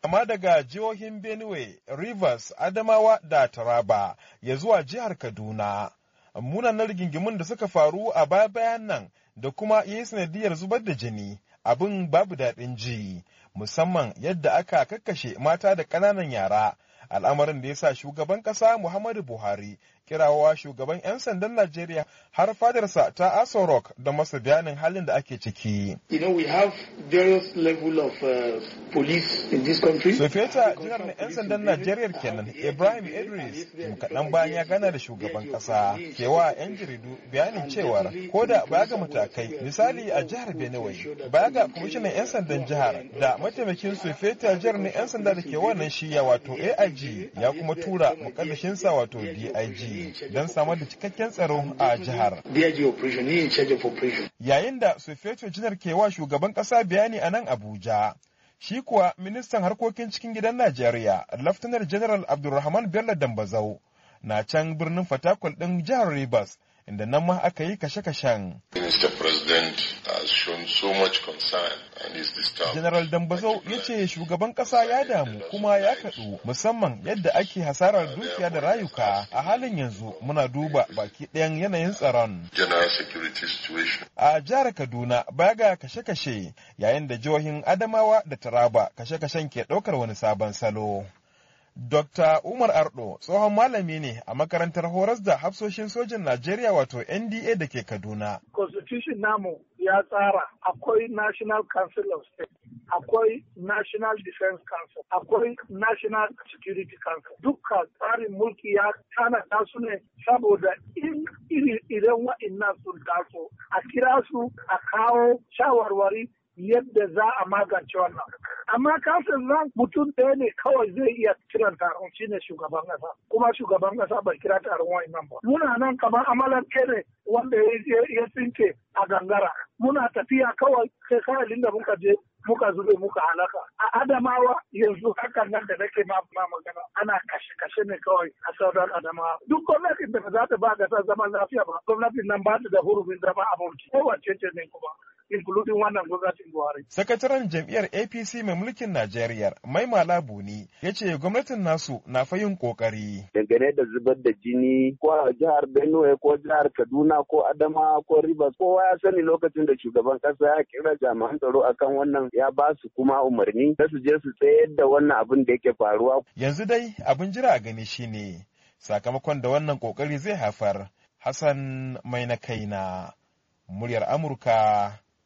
kama daga jihohin Benue, Rivers, Adamawa da Taraba ya zuwa jihar Kaduna. Munanan rigingimun da suka faru a baya bayan nan da kuma yi sanadiyar zubar da jini abin babu daɗin ji, musamman yadda aka kakkashe mata da ƙananan yara. Al'amarin da ya sa shugaban ƙasa Muhammadu Buhari kirawa shugaban 'yan sandan Najeriya har fadarsa ta Aso Rock da masa bayanin halin da ake ciki. Sufeta uh, jihar na 'yan sandan Najeriya kenan Ibrahim Idris kaɗan bayan ya gana da shugaban ƙasa kewa 'yan jaridu bayanin cewar ko da baya ga matakai misali a jihar Benue baya ga kwamishinan 'yan sandan jihar da mataimakin Sufeta jihar na 'yan sanda da ke wannan shiya wato AIG ya kuma tura makadashinsa wato DIG. don samar da cikakken tsaro a jihar. Yayin da Sufeto Jinar ke wa shugaban kasa bayani a nan Abuja, shi kuwa ministan harkokin cikin gidan Najeriya, Laftanar General Abdulrahman Bello Dambazau, na can birnin Fatakwal ɗin jihar Rivers inda nan ma aka yi kashe-kashen. General Dambazau ya ce shugaban kasa ya damu kuma ya kaɗu musamman yadda ake hasarar dukiya da rayuka a halin yanzu muna duba baki ɗayan yanayin tsaron. A jihar Kaduna baya ga kashe-kashe yayin da jihohin Adamawa da Taraba kashe-kashen ke ɗaukar wani sabon salo. Dr. Umar Ardo tsohon malami ne a makarantar horas da hafsoshin sojin Najeriya wato NDA da ke Kaduna. Constitution namu ya tsara akwai National Council of State, akwai National Defense Council, akwai National Security Council. Dukka tsarin mulki ya tana tasu ne saboda in iri sun taso a kira su a kawo shawarwari yadda za a magance wannan. amma kasan nan mutum ɗaya ne kawai zai iya kiran taron ne shugaban ƙasa kuma shugaban ƙasa bai kira taron nan ba muna nan kamar amalar kere wanda ya tsinke a gangara muna tafiya kawai kai halin da muka je muka zube muka halaka a adamawa yanzu hakan nan da nake ma magana ana kashe kashe ne kawai a sauran adamawa duk gwamnatin da za ta ba ga zaman lafiya ba gwamnatin nan ba ta da hurumin zama a mulki kowace ce ne kuma including wannan gwamnatin Buhari. Sakataren jam'iyyar APC mai mulkin Najeriya mai malabu ne ya ce gwamnatin nasu na fayin kokari. Dangane da zubar da jini ko jihar Benue ko jihar Kaduna ko Adama ko Rivers kowa ya sani lokacin da shugaban kasa ya kira jami'an tsaro akan wannan ya ba su kuma umarni na su je su tsayar da wannan abin da yake faruwa. Yanzu dai abin jira a gani shine sakamakon da wannan kokari zai haifar. Hassan mai na kaina muryar Amurka